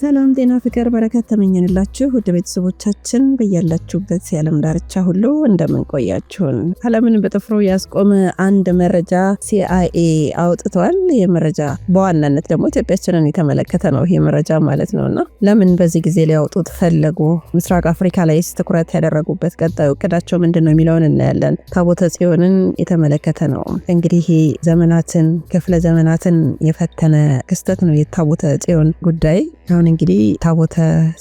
ሰላም፣ ጤና፣ ፍቅር፣ በረከት ተመኘንላችሁ ውድ ቤተሰቦቻችን በያላችሁበት የዓለም ዳርቻ ሁሉ እንደምንቆያችሁን። ዓለምን በጥፍሮ ያስቆመ አንድ መረጃ ሲአይኤ አውጥቷል። ይህ መረጃ በዋናነት ደግሞ ኢትዮጵያችንን የተመለከተ ነው ይህ መረጃ ማለት ነው። እና ለምን በዚህ ጊዜ ሊያውጡት ፈለጉ? ምስራቅ አፍሪካ ላይስ ትኩረት ያደረጉበት ቀጣዩ እቅዳቸው ምንድን ነው የሚለውን እናያለን። ታቦተ ጽዮንን የተመለከተ ነው። እንግዲህ ዘመናትን ክፍለ ዘመናትን የፈተነ ክስተት ነው የታቦተ ጽዮን ጉዳይ አሁን እንግዲህ ታቦተ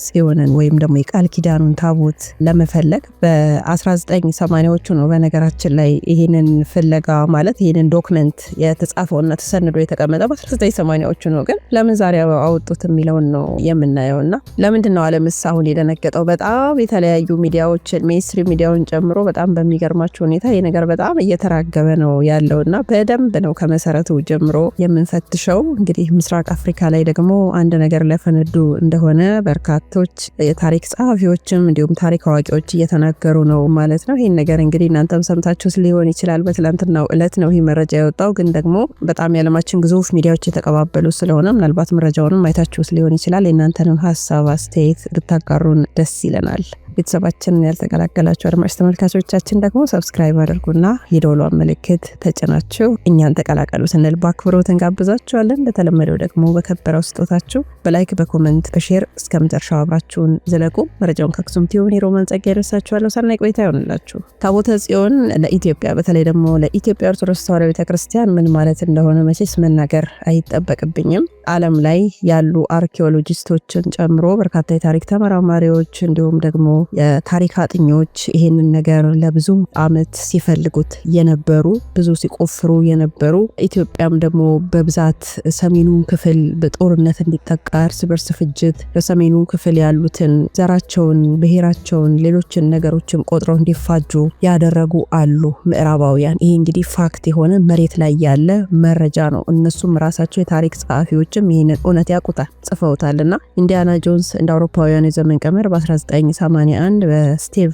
ጽዮንን ወይም ደግሞ የቃል ኪዳኑን ታቦት ለመፈለግ በ1980ዎቹ ነው። በነገራችን ላይ ይህንን ፍለጋ ማለት ይህንን ዶክመንት የተጻፈውና ተሰንዶ የተቀመጠ በ1980ዎቹ ነው። ግን ለምን ዛሬ አወጡት የሚለውን ነው የምናየው። እና ለምንድን ነው አለምስ አሁን የደነገጠው? በጣም የተለያዩ ሚዲያዎችን ሜንስትሪም ሚዲያውን ጨምሮ በጣም በሚገርማቸው ሁኔታ ይህ ነገር በጣም እየተራገበ ነው ያለው እና በደንብ ነው ከመሰረቱ ጀምሮ የምንፈትሸው። እንግዲህ ምስራቅ አፍሪካ ላይ ደግሞ አንድ ነገር ለፈነዱ እንደሆነ በርካቶች የታሪክ ጸሐፊዎችም እንዲሁም ታሪክ አዋቂዎች እየተናገሩ ነው ማለት ነው። ይህን ነገር እንግዲህ እናንተም ሰምታችሁስ ሊሆን ይችላል። በትላንትናው እለት ነው ይህ መረጃ የወጣው፣ ግን ደግሞ በጣም የዓለማችን ግዙፍ ሚዲያዎች የተቀባበሉ ስለሆነ ምናልባት መረጃውንም አይታችሁስ ሊሆን ይችላል። የእናንተንም ሀሳብ አስተያየት ብታጋሩን ደስ ይለናል። ቤተሰባችንን ያልተቀላቀላችሁ አድማጭ ተመልካቾቻችን ደግሞ ሰብስክራይብ አድርጉና የደወሏን ምልክት ተጭናችሁ እኛን ተቀላቀሉ ስንል በአክብሮት እንጋብዛችኋለን። እንደተለመደው ደግሞ በከበረው ስጦታችሁ በላይክ በኮመንት በሼር እስከ መጨረሻው አብራችሁን ዘለቁ። መረጃውን ከአክሱም ቲዩብ እኔ ሮማን ጸጋ ያደርሳችኋለሁ። ሰናይ ቆይታ ይሆንላችሁ። ታቦተ ጽዮን ለኢትዮጵያ በተለይ ደግሞ ለኢትዮጵያ ኦርቶዶክስ ተዋሕዶ ቤተክርስቲያን ምን ማለት እንደሆነ መቼስ መናገር አይጠበቅብኝም። ዓለም ላይ ያሉ አርኪኦሎጂስቶችን ጨምሮ በርካታ የታሪክ ተመራማሪዎች እንዲሁም ደግሞ የታሪክ አጥኞች ይህንን ነገር ለብዙ አመት ሲፈልጉት የነበሩ ብዙ ሲቆፍሩ የነበሩ ኢትዮጵያም ደግሞ በብዛት ሰሜኑ ክፍል በጦርነት እንዲጠቃ እርስ በርስ ፍጅት በሰሜኑ ክፍል ያሉትን ዘራቸውን፣ ብሔራቸውን፣ ሌሎችን ነገሮችም ቆጥረው እንዲፋጁ ያደረጉ አሉ ምዕራባውያን። ይህ እንግዲህ ፋክት የሆነ መሬት ላይ ያለ መረጃ ነው። እነሱም ራሳቸው የታሪክ ጸሐፊዎችም ይህንን እውነት ያውቁታል፣ ጽፈውታል እና ኢንዲያና ጆንስ እንደ አውሮፓውያን የዘመን ቀመር በ1981 1981 በስቲቭ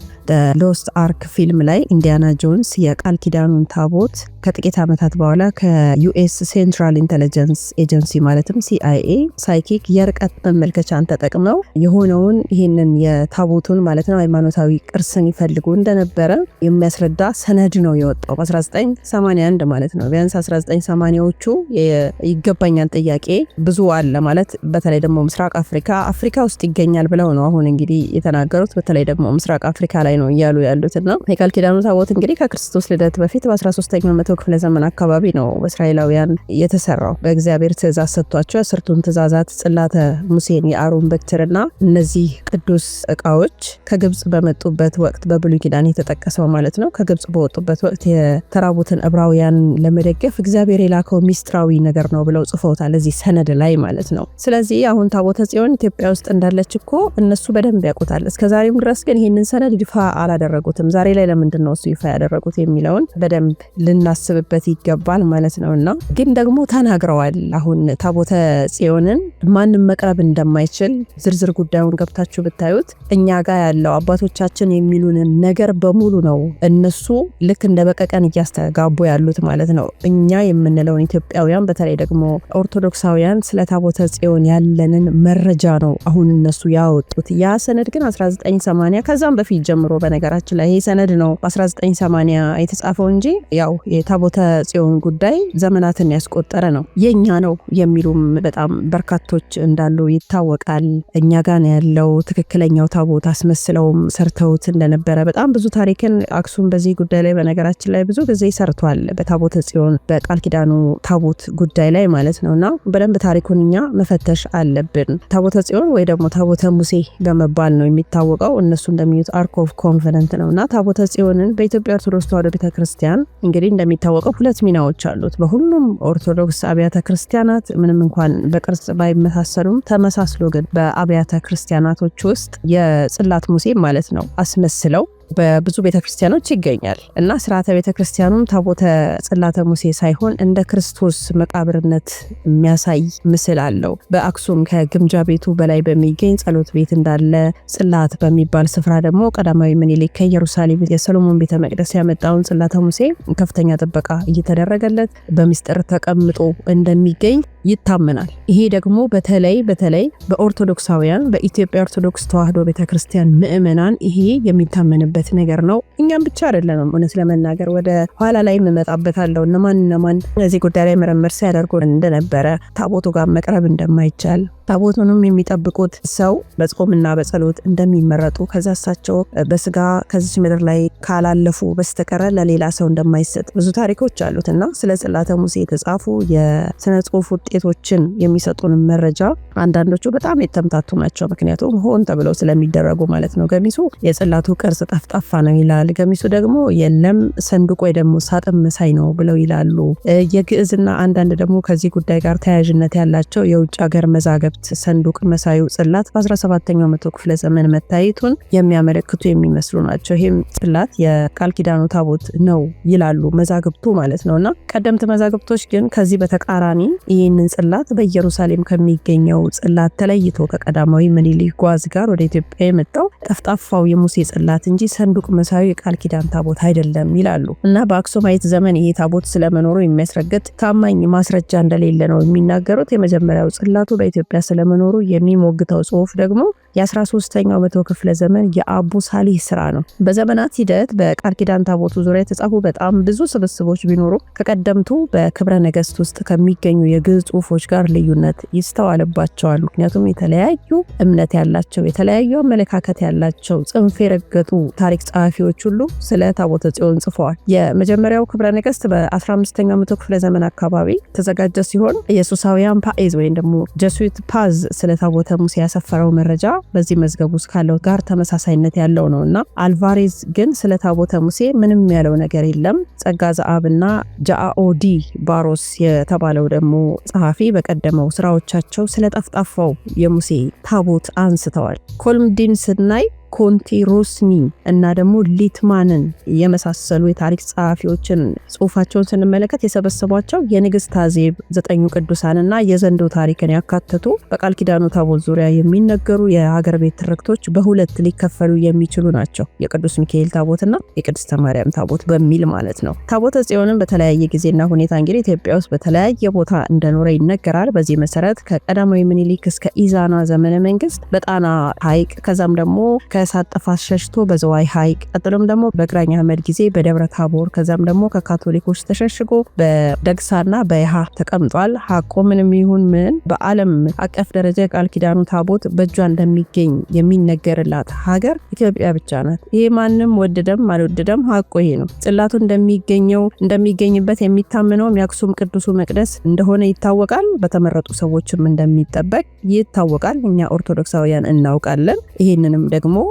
ሎስት አርክ ፊልም ላይ ኢንዲያና ጆንስ የቃል ኪዳኑን ታቦት ከጥቂት ዓመታት በኋላ ከዩኤስ ሴንትራል ኢንቴሊጀንስ ኤጀንሲ ማለትም ሲአይኤ ሳይኪክ የርቀት መመልከቻን ተጠቅመው የሆነውን ይህንን የታቦቱን ማለት ነው ሃይማኖታዊ ቅርስን ይፈልጉ እንደነበረ የሚያስረዳ ሰነድ ነው የወጣው በ1981 ማለት ነው። ቢያንስ 1980ዎቹ ይገባኛል ጥያቄ ብዙ አለ ማለት በተለይ ደግሞ ምስራቅ አፍሪካ አፍሪካ ውስጥ ይገኛል ብለው ነው አሁን እንግዲህ የተናገሩት። በተለይ ደግሞ ምስራቅ አፍሪካ ላይ ነው እያሉ ያሉት እና የቃል ኪዳኑ ታቦት እንግዲህ ከክርስቶስ ልደት በፊት በ13ኛው መቶ ክፍለ ዘመን አካባቢ ነው በእስራኤላውያን የተሰራው። በእግዚአብሔር ትእዛዝ ሰጥቷቸው አስርቱን ትእዛዛት፣ ጽላተ ሙሴን፣ የአሮን በትርና እነዚህ ቅዱስ እቃዎች ከግብጽ በመጡበት ወቅት በብሉይ ኪዳን የተጠቀሰው ማለት ነው። ከግብጽ በወጡበት ወቅት የተራቡትን እብራውያን ለመደገፍ እግዚአብሔር የላከው ሚስጥራዊ ነገር ነው ብለው ጽፈውታል እዚህ ሰነድ ላይ ማለት ነው። ስለዚህ አሁን ታቦተ ጽዮን ኢትዮጵያ ውስጥ እንዳለች እኮ እነሱ በደንብ ያውቁታል እስከዛሬም ድረስ ግን ይህንን ሰነድ ይፋ አላደረጉትም። ዛሬ ላይ ለምንድን ነው እሱ ይፋ ያደረጉት የሚለውን በደንብ ልናስብበት ይገባል ማለት ነው እና ግን ደግሞ ተናግረዋል። አሁን ታቦተ ጽዮንን ማንም መቅረብ እንደማይችል ዝርዝር ጉዳዩን ገብታችሁ ብታዩት እኛ ጋር ያለው አባቶቻችን የሚሉንን ነገር በሙሉ ነው እነሱ ልክ እንደ በቀቀን እያስተጋቡ ያሉት ማለት ነው። እኛ የምንለውን ኢትዮጵያውያን በተለይ ደግሞ ኦርቶዶክሳውያን ስለ ታቦተ ጽዮን ያለንን መረጃ ነው አሁን እነሱ ያወጡት። ያ ሰነድ ግን 19 1980 ከዛም በፊት ጀምሮ በነገራችን ላይ ይሄ ሰነድ ነው በ1980 የተጻፈው እንጂ ያው የታቦተ ጽዮን ጉዳይ ዘመናትን ያስቆጠረ ነው። የእኛ ነው የሚሉም በጣም በርካቶች እንዳሉ ይታወቃል። እኛ ጋን ያለው ትክክለኛው ታቦት አስመስለውም ሰርተውት እንደነበረ በጣም ብዙ ታሪክን አክሱም በዚህ ጉዳይ ላይ በነገራችን ላይ ብዙ ጊዜ ሰርቷል። በታቦተ ጽዮን በቃል ኪዳኑ ታቦት ጉዳይ ላይ ማለት ነው እና በደንብ ታሪኩን እኛ መፈተሽ አለብን። ታቦተ ጽዮን ወይ ደግሞ ታቦተ ሙሴ በመባል ነው የሚታወቀው። እነሱ እንደሚሉት አርክ ኦፍ ኮንቨናንት ነው እና ታቦተ ጽዮንን በኢትዮጵያ ኦርቶዶክስ ተዋሕዶ ቤተክርስቲያን እንግዲህ እንደሚታወቀው ሁለት ሚናዎች አሉት። በሁሉም ኦርቶዶክስ አብያተ ክርስቲያናት ምንም እንኳን በቅርጽ ባይመሳሰሉም ተመሳስሎ ግን በአብያተ ክርስቲያናቶች ውስጥ የጽላት ሙሴ ማለት ነው አስመስለው በብዙ ቤተክርስቲያኖች ይገኛል እና ስርዓተ ቤተክርስቲያኑም ታቦተ ጽላተ ሙሴ ሳይሆን እንደ ክርስቶስ መቃብርነት የሚያሳይ ምስል አለው። በአክሱም ከግምጃ ቤቱ በላይ በሚገኝ ጸሎት ቤት እንዳለ ጽላት በሚባል ስፍራ ደግሞ ቀዳማዊ ምኒልክ ከኢየሩሳሌም የሰሎሞን ቤተ መቅደስ ያመጣውን ጽላተ ሙሴ ከፍተኛ ጥበቃ እየተደረገለት በሚስጥር ተቀምጦ እንደሚገኝ ይታመናል። ይሄ ደግሞ በተለይ በተለይ በኦርቶዶክሳውያን በኢትዮጵያ ኦርቶዶክስ ተዋህዶ ቤተክርስቲያን ምዕመናን ይሄ የሚታመንበት የሚያደርግበት ነገር ነው። እኛም ብቻ አይደለም እውነት ለመናገር ወደ ኋላ ላይ የምመጣበታለው እነማን እነማን እዚህ ጉዳይ ላይ ምርምር ሲያደርጉ እንደነበረ ታቦቱ ጋር መቅረብ እንደማይቻል ታቦቱንም የሚጠብቁት ሰው በጾምና በጸሎት እንደሚመረጡ ከዛ እሳቸው በስጋ ከዚች ምድር ላይ ካላለፉ በስተቀረ ለሌላ ሰው እንደማይሰጥ ብዙ ታሪኮች አሉት እና ስለ ጽላተ ሙሴ የተጻፉ የስነ ጽሁፍ ውጤቶችን የሚሰጡን መረጃ አንዳንዶቹ በጣም የተምታቱ ናቸው። ምክንያቱም ሆን ተብለው ስለሚደረጉ ማለት ነው። ገሚሱ የጽላቱ ቅርጽ ጠፍጣፋ ነው ይላል። ገሚሱ ደግሞ የለም ሰንዱቅ ወይ ደግሞ ሳጥን መሳይ ነው ብለው ይላሉ። የግዕዝና አንዳንድ ደግሞ ከዚህ ጉዳይ ጋር ተያያዥነት ያላቸው የውጭ ሀገር መዛገብ የመብት ሰንዱቅ መሳዩ ጽላት በ17ኛው መቶ ክፍለ ዘመን መታየቱን የሚያመለክቱ የሚመስሉ ናቸው። ይህም ጽላት የቃል ኪዳኑ ታቦት ነው ይላሉ መዛግብቱ ማለት ነው እና ቀደምት መዛግብቶች ግን ከዚህ በተቃራኒ ይህንን ጽላት በኢየሩሳሌም ከሚገኘው ጽላት ተለይቶ ከቀዳማዊ ምኒልክ ጓዝ ጋር ወደ ኢትዮጵያ የመጣው ጠፍጣፋው የሙሴ ጽላት እንጂ ሰንዱቅ መሳዩ የቃል ኪዳን ታቦት አይደለም ይላሉ እና በአክሱማይት ዘመን ይሄ ታቦት ስለመኖሩ የሚያስረግጥ ታማኝ ማስረጃ እንደሌለ ነው የሚናገሩት። የመጀመሪያው ጽላቱ በኢትዮጵያ ስለመኖሩ የሚሞግተው ጽሁፍ ደግሞ የ13ኛው መቶ ክፍለ ዘመን የአቡ ሳሊህ ስራ ነው። በዘመናት ሂደት በቃል ኪዳን ታቦቱ ዙሪያ የተጻፉ በጣም ብዙ ስብስቦች ቢኖሩ ከቀደምቱ በክብረ ነገስት ውስጥ ከሚገኙ የግዕዝ ጽሁፎች ጋር ልዩነት ይስተዋልባቸዋል። ምክንያቱም የተለያዩ እምነት ያላቸው የተለያዩ አመለካከት ያላቸው ጽንፍ የረገጡ ታሪክ ጸሐፊዎች ሁሉ ስለ ታቦተ ጽዮን ጽፈዋል። የመጀመሪያው ክብረ ነገስት በ15ኛው መቶ ክፍለ ዘመን አካባቢ ተዘጋጀ ሲሆን የሱሳውያን ፓዝ ወይም ደግሞ ጀሱዊት ፓዝ ስለ ታቦተ ሙሴ ያሰፈረው መረጃ በዚህ መዝገብ ውስጥ ካለው ጋር ተመሳሳይነት ያለው ነው እና አልቫሬዝ ግን ስለ ታቦተ ሙሴ ምንም ያለው ነገር የለም። ጸጋ ዘአብና ጃኦዲ ባሮስ የተባለው ደግሞ ጸሐፊ በቀደመው ስራዎቻቸው ስለ ጠፍጣፋው የሙሴ ታቦት አንስተዋል። ኮልምዲን ስናይ ኮንቴ ሮስኒ እና ደግሞ ሊትማንን የመሳሰሉ የታሪክ ጸሐፊዎችን ጽሁፋቸውን ስንመለከት የሰበሰቧቸው የንግስት አዜብ ዘጠኙ ቅዱሳን እና የዘንዶ ታሪክን ያካተቱ በቃል ኪዳኑ ታቦት ዙሪያ የሚነገሩ የሀገር ቤት ትርክቶች በሁለት ሊከፈሉ የሚችሉ ናቸው። የቅዱስ ሚካኤል ታቦትና የቅድስተ ማርያም ታቦት በሚል ማለት ነው። ታቦተ ጽዮንን በተለያየ ጊዜና ሁኔታ እንግዲህ ኢትዮጵያ ውስጥ በተለያየ ቦታ እንደኖረ ይነገራል። በዚህ መሰረት ከቀዳማዊ ምኒልክ እስከ ኢዛና ዘመነ መንግስት በጣና ሐይቅ ከዛም ደግሞ ከ ከእሳት ጥፋት ሸሽቶ በዘዋይ ሐይቅ ቀጥሎም ደግሞ በግራኝ መድ ጊዜ በደብረ ታቦር ከዚያም ደግሞ ከካቶሊኮች ተሸሽጎ በደግሳና በይሃ ተቀምጧል። ሀቆ ምንም ይሁን ምን በዓለም አቀፍ ደረጃ የቃል ኪዳኑ ታቦት በእጇ እንደሚገኝ የሚነገርላት ሀገር ኢትዮጵያ ብቻ ናት። ይሄ ማንም ወደደም አልወደደም ሀቆ ይሄ ነው። ጽላቱ እንደሚገኘው እንደሚገኝበት የሚታምነውም የአክሱም ቅዱሱ መቅደስ እንደሆነ ይታወቃል። በተመረጡ ሰዎችም እንደሚጠበቅ ይታወቃል። እኛ ኦርቶዶክሳውያን እናውቃለን። ይሄንንም ደግሞ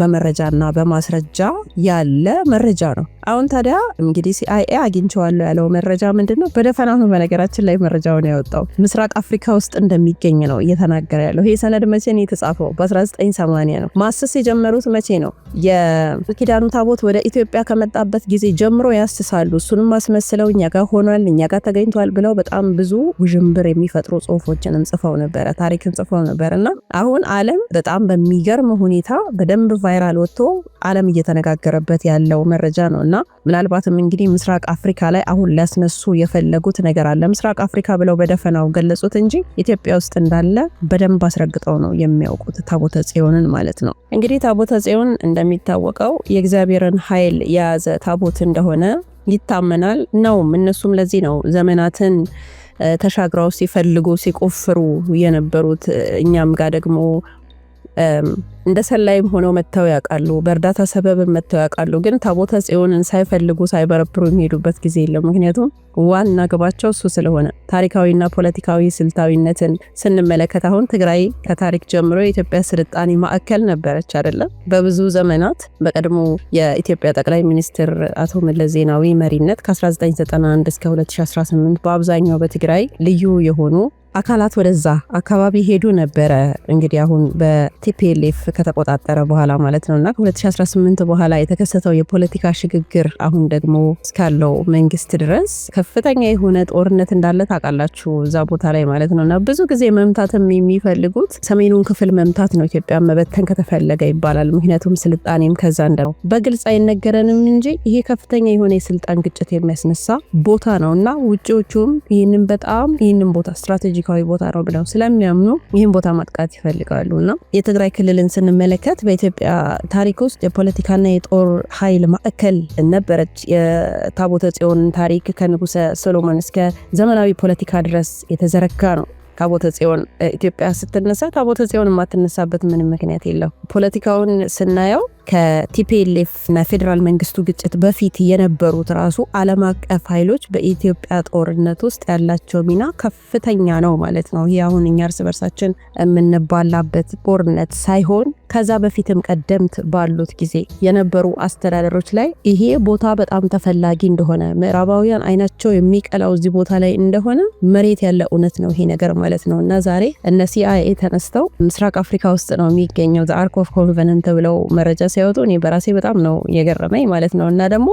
በመረጃና በማስረጃ ያለ መረጃ ነው። አሁን ታዲያ እንግዲህ ሲአይኤ አግኝቸዋለሁ ያለው መረጃ ምንድን ነው? በደፈና ነው በነገራችን ላይ መረጃውን ያወጣው ምስራቅ አፍሪካ ውስጥ እንደሚገኝ ነው እየተናገረ ያለው። ይህ ሰነድ መቼ ነው የተጻፈው? በ1980 ነው። ማሰስ የጀመሩት መቼ ነው? የኪዳኑ ታቦት ወደ ኢትዮጵያ ከመጣበት ጊዜ ጀምሮ ያስሳሉ። እሱንም አስመስለው እኛ ጋር ሆኗል፣ እኛ ጋር ተገኝቷል ብለው በጣም ብዙ ውዥንብር የሚፈጥሩ ጽሁፎችንም ጽፈው ነበረ፣ ታሪክን ጽፈው ነበር እና አሁን አለም በጣም በሚገርም ሁኔታ በደንብ ቫይራል ወጥቶ ዓለም እየተነጋገረበት ያለው መረጃ ነው እና ምናልባትም እንግዲህ ምስራቅ አፍሪካ ላይ አሁን ሊያስነሱ የፈለጉት ነገር አለ። ምስራቅ አፍሪካ ብለው በደፈናው ገለጹት እንጂ ኢትዮጵያ ውስጥ እንዳለ በደንብ አስረግጠው ነው የሚያውቁት ታቦተ ጽዮንን ማለት ነው። እንግዲህ ታቦተ ጽዮን እንደሚታወቀው የእግዚአብሔርን ኃይል የያዘ ታቦት እንደሆነ ይታመናል ነውም። እነሱም ለዚህ ነው ዘመናትን ተሻግረው ሲፈልጉ ሲቆፍሩ የነበሩት እኛም ጋር ደግሞ እንደ ሰላይም ሆነው መጥተው ያውቃሉ። በእርዳታ ሰበብ መጥተው ያውቃሉ። ግን ታቦተ ጽዮንን ሳይፈልጉ ሳይበረብሩ የሚሄዱበት ጊዜ የለም። ምክንያቱም ዋና ግባቸው እሱ ስለሆነ ታሪካዊና ፖለቲካዊ ስልታዊነትን ስንመለከት አሁን ትግራይ ከታሪክ ጀምሮ የኢትዮጵያ ስልጣኔ ማዕከል ነበረች አይደለም። በብዙ ዘመናት በቀድሞ የኢትዮጵያ ጠቅላይ ሚኒስትር አቶ መለስ ዜናዊ መሪነት ከ1991 እስከ 2018 በአብዛኛው በትግራይ ልዩ የሆኑ አካላት ወደዛ አካባቢ ሄዱ ነበረ። እንግዲህ አሁን በቲፒኤልኤፍ ከተቆጣጠረ በኋላ ማለት ነው እና ከ2018 በኋላ የተከሰተው የፖለቲካ ሽግግር አሁን ደግሞ እስካለው መንግስት ድረስ ከፍተኛ የሆነ ጦርነት እንዳለ ታውቃላችሁ እዛ ቦታ ላይ ማለት ነው እና ብዙ ጊዜ መምታትም የሚፈልጉት ሰሜኑን ክፍል መምታት ነው ኢትዮጵያ መበተን ከተፈለገ ይባላል። ምክንያቱም ስልጣኔም ከዛ እንደ ነው በግልጽ አይነገረንም እንጂ ይሄ ከፍተኛ የሆነ የስልጣን ግጭት የሚያስነሳ ቦታ ነው እና ውጭዎቹም ይህንን በጣም ይህንን ቦታ ስትራቴጂ ስትራቴጂካዊ ቦታ ነው ብለው ስለሚያምኑ ይህን ቦታ ማጥቃት ይፈልጋሉ እና የትግራይ ክልልን ስንመለከት በኢትዮጵያ ታሪክ ውስጥ የፖለቲካና የጦር ኃይል ማዕከል ነበረች። የታቦተ ጽዮን ታሪክ ከንጉሰ ሶሎሞን እስከ ዘመናዊ ፖለቲካ ድረስ የተዘረጋ ነው። ታቦተ ጽዮን ኢትዮጵያ ስትነሳ ታቦተ ጽዮን የማትነሳበት ምንም ምክንያት የለው። ፖለቲካውን ስናየው ከቲፒኤልኤፍ እና ፌዴራል መንግስቱ ግጭት በፊት የነበሩት ራሱ ዓለም አቀፍ ኃይሎች በኢትዮጵያ ጦርነት ውስጥ ያላቸው ሚና ከፍተኛ ነው ማለት ነው። ይህ አሁን እኛ እርስ በርሳችን የምንባላበት ጦርነት ሳይሆን ከዛ በፊትም ቀደምት ባሉት ጊዜ የነበሩ አስተዳደሮች ላይ ይሄ ቦታ በጣም ተፈላጊ እንደሆነ ምዕራባውያን አይናቸው የሚቀላው እዚህ ቦታ ላይ እንደሆነ መሬት ያለ እውነት ነው ይሄ ነገር ማለት ነው። እና ዛሬ እነ ሲአይኤ ተነስተው ምስራቅ አፍሪካ ውስጥ ነው የሚገኘው ዘ አርክ ኦፍ ኮንቨነንት ብለው መረጃ ሲያወጡ እኔ በራሴ በጣም ነው የገረመኝ ማለት ነው። እና ደግሞ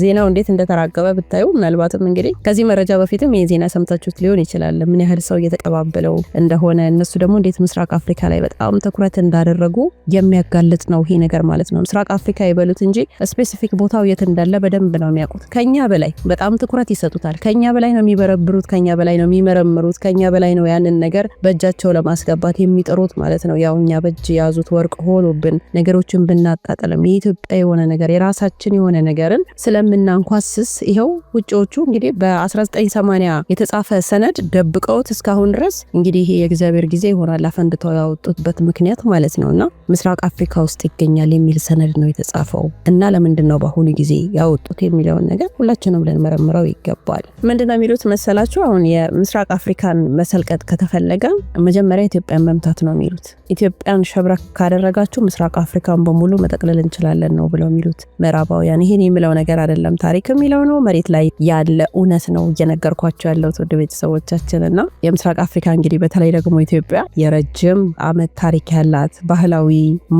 ዜናው እንዴት እንደተራገበ ብታዩ ምናልባትም እንግዲህ ከዚህ መረጃ በፊትም ይህ ዜና ሰምታችሁት ሊሆን ይችላል። ምን ያህል ሰው እየተቀባበለው እንደሆነ እነሱ ደግሞ እንዴት ምስራቅ አፍሪካ ላይ በጣም ትኩረት እንዳደረጉ የሚያጋልጥ ነው ይሄ ነገር ማለት ነው። ምስራቅ አፍሪካ ይበሉት እንጂ ስፔሲፊክ ቦታው የት እንዳለ በደንብ ነው የሚያውቁት። ከኛ በላይ በጣም ትኩረት ይሰጡታል። ከኛ በላይ ነው የሚበረብሩት፣ ከኛ በላይ ነው የሚመረምሩት፣ ከኛ በላይ ነው ያንን ነገር በእጃቸው ለማስገባት የሚጥሩት ማለት ነው። ያው እኛ በእጅ የያዙት ወርቅ ሆኖብን ነገሮችን ብና አናጣጥልም። የኢትዮጵያ የሆነ ነገር የራሳችን የሆነ ነገርን ስለምናንኳስስ ይኸው ውጭዎቹ እንግዲህ በ1980 የተጻፈ ሰነድ ደብቀውት እስካሁን ድረስ እንግዲህ ይሄ የእግዚአብሔር ጊዜ ይሆናል አፈንድተው ያወጡትበት ምክንያት ማለት ነው። እና ምስራቅ አፍሪካ ውስጥ ይገኛል የሚል ሰነድ ነው የተጻፈው እና ለምንድን ነው በአሁኑ ጊዜ ያወጡት የሚለውን ነገር ሁላችንም ልንመረምረው ይገባል። ምንድነው የሚሉት መሰላችሁ? አሁን የምስራቅ አፍሪካን መሰልቀጥ ከተፈለገ መጀመሪያ ኢትዮጵያን መምታት ነው የሚሉት። ኢትዮጵያን ሸብረክ ካደረጋችሁ ምስራቅ አፍሪካን በሙሉ መጠቅለል እንችላለን ነው ብለው የሚሉት ምዕራባውያን። ይህን የሚለው ነገር አይደለም፣ ታሪክ የሚለው ነው፣ መሬት ላይ ያለ እውነት ነው እየነገርኳቸው ያለው ውድ ቤተሰቦቻችን። እና የምስራቅ አፍሪካ እንግዲህ በተለይ ደግሞ ኢትዮጵያ የረጅም አመት ታሪክ ያላት ባህላዊ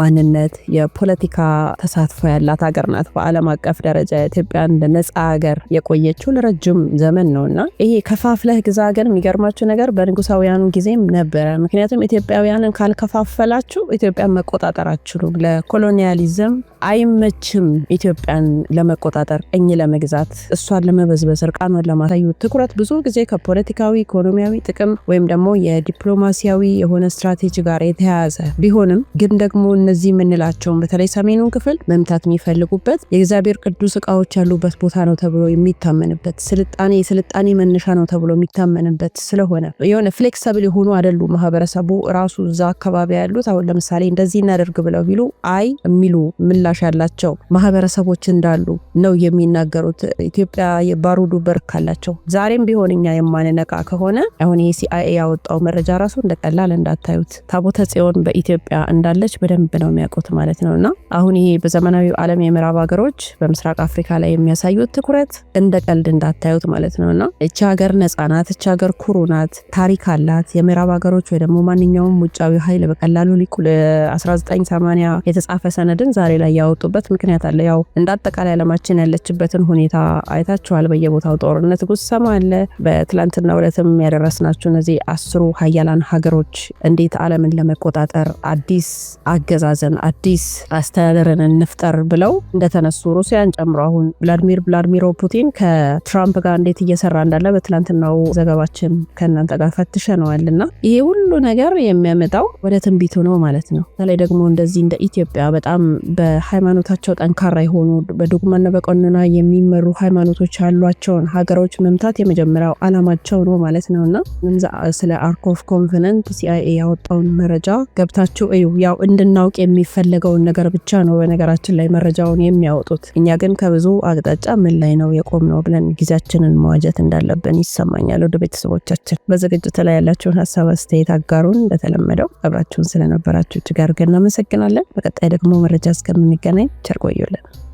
ማንነት፣ የፖለቲካ ተሳትፎ ያላት ሀገር ናት። በዓለም አቀፍ ደረጃ ኢትዮጵያ እንደ ነጻ ሀገር የቆየችው ለረጅም ዘመን ነው እና ይሄ ከፋፍለህ ግዛ ግን የሚገርማችሁ ነገር በንጉሳውያኑ ጊዜም ነበረ። ምክንያቱም ኢትዮጵያውያንን ካልከፋፈላችሁ ኢትዮጵያን መቆጣጠር አችሉም ለኮሎኒያ réalisable አይመችም ኢትዮጵያን ለመቆጣጠር፣ ቀኝ ለመግዛት፣ እሷን ለመበዝበዝ፣ እርቃኗን ለማሳዩ ትኩረት ብዙ ጊዜ ከፖለቲካዊ ኢኮኖሚያዊ ጥቅም ወይም ደግሞ የዲፕሎማሲያዊ የሆነ ስትራቴጂ ጋር የተያያዘ ቢሆንም ግን ደግሞ እነዚህ የምንላቸውን በተለይ ሰሜኑን ክፍል መምታት የሚፈልጉበት የእግዚአብሔር ቅዱስ እቃዎች ያሉበት ቦታ ነው ተብሎ የሚታመንበት ስልጣኔ የስልጣኔ መነሻ ነው ተብሎ የሚታመንበት ስለሆነ የሆነ ፍሌክሰብል የሆኑ አይደሉ ማህበረሰቡ ራሱ እዛ አካባቢ ያሉት አሁን ለምሳሌ እንደዚህ እናደርግ ብለው ቢሉ አይ የሚሉ ምላ ምላሽ ያላቸው ማህበረሰቦች እንዳሉ ነው የሚናገሩት። ኢትዮጵያ የባሩዱ በርክ አላቸው። ዛሬም ቢሆን እኛ የማንነቃ ከሆነ አሁን ይህ ሲአይኤ ያወጣው መረጃ ራሱ እንደቀላል እንዳታዩት። ታቦተ ጽዮን በኢትዮጵያ እንዳለች በደንብ ነው የሚያውቁት ማለት ነው። እና አሁን ይሄ በዘመናዊ ዓለም የምዕራብ ሀገሮች በምስራቅ አፍሪካ ላይ የሚያሳዩት ትኩረት እንደ ቀልድ እንዳታዩት ማለት ነው። እና እቺ ሀገር ነጻ ናት፣ እቺ ሀገር ኩሩ ናት፣ ታሪክ አላት። የምዕራብ ሀገሮች ወይ ደግሞ ማንኛውም ውጫዊ ሀይል በቀላሉ ሊኩ 1980 የተጻፈ ሰነድን ዛሬ ላይ ያወጡበት ምክንያት አለ። ያው እንደ አጠቃላይ ዓለማችን ያለችበትን ሁኔታ አይታችኋል። በየቦታው ጦርነት፣ ጉሰማ አለ። በትላንትናው ዕለትም ያደረስናችሁ እነዚህ አስሩ ሀያላን ሀገሮች እንዴት ዓለምን ለመቆጣጠር አዲስ አገዛዘን አዲስ አስተዳደርን እንፍጠር ብለው እንደተነሱ ሩሲያን ጨምሮ አሁን ቭላድሚር ቭላድሚሮ ፑቲን ከትራምፕ ጋር እንዴት እየሰራ እንዳለ በትላንትናው ዘገባችን ከእናንተ ጋር ፈትሸነዋል እና ይሄ ሁሉ ነገር የሚያመጣው ወደ ትንቢቱ ነው ማለት ነው። በተለይ ደግሞ እንደዚህ እንደ ኢትዮጵያ በጣም በ ሃይማኖታቸው ጠንካራ የሆኑ በዶግማና በቀንና የሚመሩ ሃይማኖቶች ያሏቸውን ሀገሮች መምታት የመጀመሪያው አላማቸው ነው ማለት ነው እና ስለ አርኮፍ ኮንቨነንት ሲአይኤ ያወጣውን መረጃ ገብታችሁ እዩ። ያው እንድናውቅ የሚፈለገውን ነገር ብቻ ነው በነገራችን ላይ መረጃውን የሚያወጡት። እኛ ግን ከብዙ አቅጣጫ ምን ላይ ነው የቆም ነው ብለን ጊዜያችንን መዋጀት እንዳለብን ይሰማኛል። ወደ ቤተሰቦቻችን በዝግጅት ላይ ያላችሁን ሀሳብ አስተያየት አጋሩን። እንደተለመደው አብራችሁን ስለነበራችሁ እጅግ አድርገን እናመሰግናለን። በቀጣይ ደግሞ መረጃ እስከምን Dominicana, ¿eh? Charco Ayola.